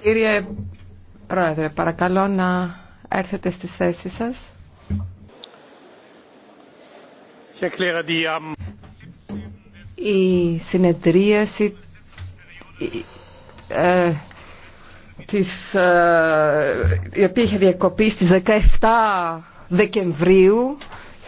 Κύριε Πρόεδρε, παρακαλώ να έρθετε στις θέσεις σας. Η συνεδρίαση ε, ε, η οποία είχε διακοπεί στις 17 Δεκεμβρίου